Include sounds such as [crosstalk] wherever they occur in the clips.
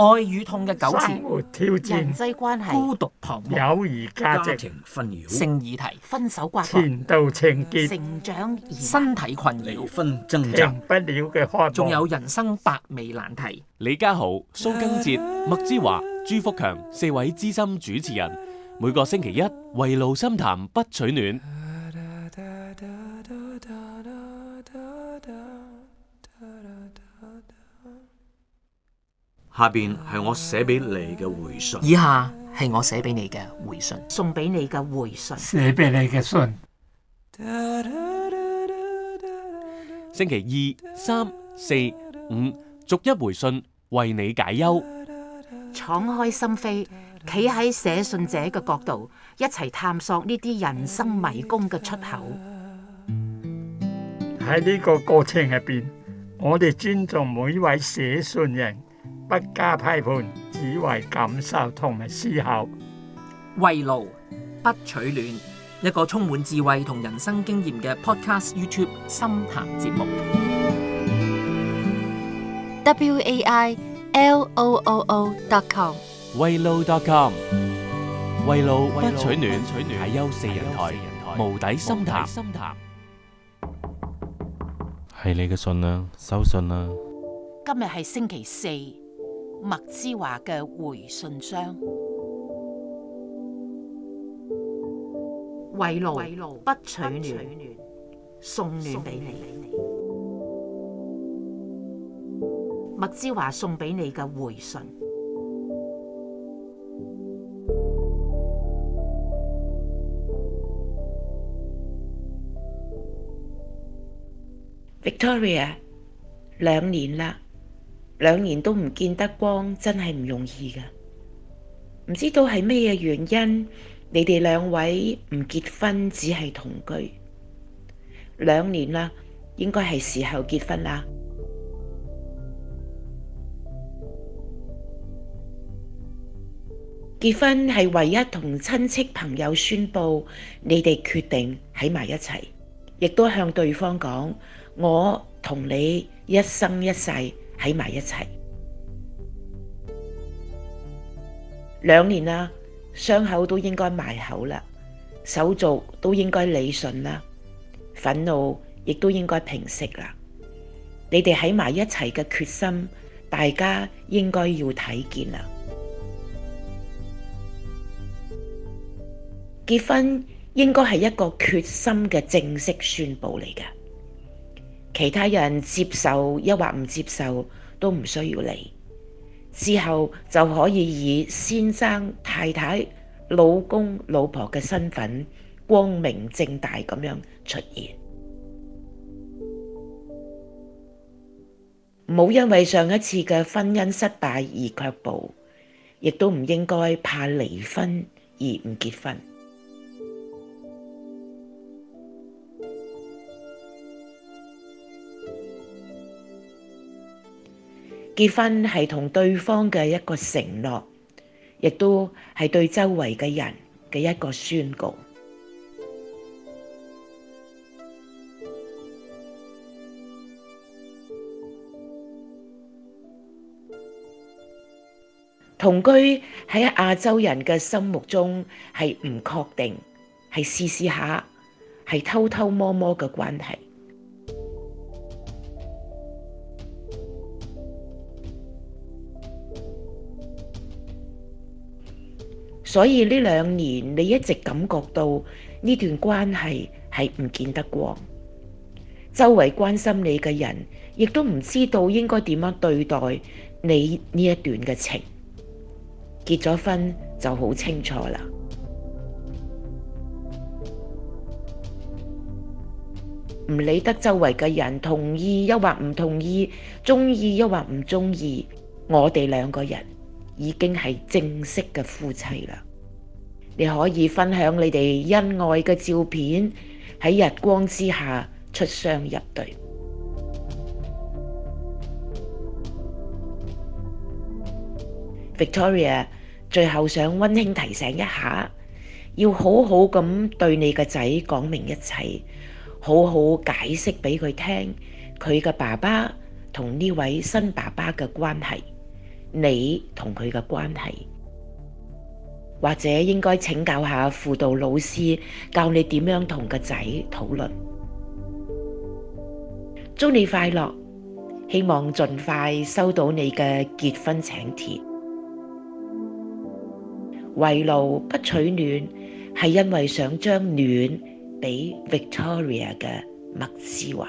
愛與痛嘅糾纏，挑戰，人際關係，孤獨彷徨，友誼價值，家庭紛擾，成疑題，分手瓜葛，前度情結，成長疑難，身體困擾，婚姻症狀，仲有人生百味難題。李家豪、蘇根哲、麥之華、朱福強四位資深主持人，每個星期一圍爐心談，不取暖。下邊係我寫俾你嘅回信。以下係我寫俾你嘅回信，送俾你嘅回信，寫俾你嘅信。星期二、三、四、五，逐一回信，為你解憂，敞開心扉，企喺寫信者嘅角度，一齊探索呢啲人生迷宮嘅出口。喺呢個過程入邊，我哋尊重每一位寫信人。不加批判，只為感受同埋思考。慰勞不取暖，一個充滿智慧同人生經驗嘅 Podcast YouTube 深談節目。W A I L O O O dot com。慰勞 dot com。慰勞不取暖，大優四人台無底深談。係你嘅信啦，收信啦。今日係星期四。麥之華嘅回信箱，為勞不取暖，送暖俾你。麥之華送俾你嘅回信，Victoria，兩年啦。兩年都唔見得光，真係唔容易噶。唔知道係咩原因，你哋兩位唔結婚，只係同居兩年啦，應該係時候結婚啦。結婚係唯一同親戚朋友宣布你哋決定喺埋一齊，亦都向對方講我同你一生一世。喺埋一齊，兩年啦，傷口都應該埋口啦，手續都應該理順啦，憤怒亦都應該平息啦。你哋喺埋一齊嘅決心，大家應該要睇見啦。結婚應該係一個決心嘅正式宣布嚟㗎。其他人接受抑或唔接受都唔需要理，之後就可以以先生、太太、老公、老婆嘅身份光明正大咁樣出現。唔好 [music] 因為上一次嘅婚姻失敗而卻步，亦都唔應該怕離婚而唔結婚。結婚係同對方嘅一個承諾，亦都係對周圍嘅人嘅一個宣告。同居喺亞洲人嘅心目中係唔確定，係試試下，係偷偷摸摸嘅關係。所以呢兩年，你一直感覺到呢段關係係唔見得過周圍關心你嘅人亦都唔知道應該點樣對待你呢一段嘅情結咗婚就好清楚啦，唔理得周圍嘅人同意又或唔同意，中意又或唔中意，我哋兩個人，已經係正式嘅夫妻啦！你可以分享你哋恩愛嘅照片喺日光之下出雙入對。Victoria，最後想温馨提醒一下，要好好咁對你個仔講明一切，好好解釋俾佢聽佢嘅爸爸同呢位新爸爸嘅關係。你同佢嘅關係，或者應該請教下輔導老師，教你點樣同個仔討論。祝你快樂，希望盡快收到你嘅結婚請帖。圍爐不取暖，係因為想將暖俾 Victoria 嘅麥之華。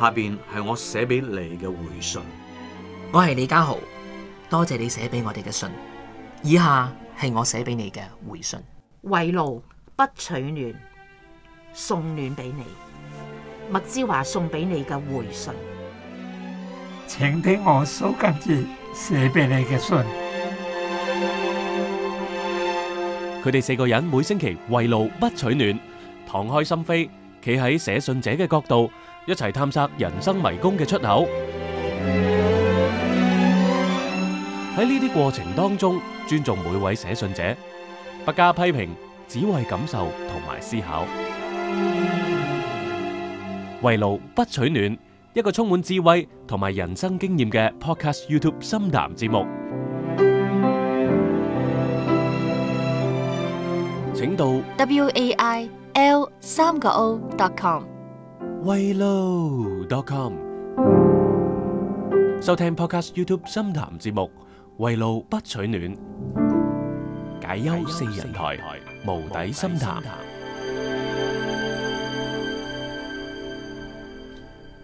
下邊係我寫俾你嘅回信。我係李家豪，多謝你寫俾我哋嘅信。以下係我寫俾你嘅回信。圍爐不取暖，送暖俾你。麥之華送俾你嘅回信，請聽我數根字寫俾你嘅信。佢哋四個人每星期圍爐不取暖，敞開心扉，企喺寫信者嘅角度，一齊探索人生迷宮嘅出口。喺呢啲過程當中，尊重每位寫信者，不加批評，只為感受同埋思考。圍爐不取暖，一個充滿智慧同埋人生經驗嘅 Podcast YouTube 深談節目，請到 wail 三個 o.com。維路 dot com 收聽 Podcast YouTube 深談節目，維路不取暖，解憂四人台，無底深談。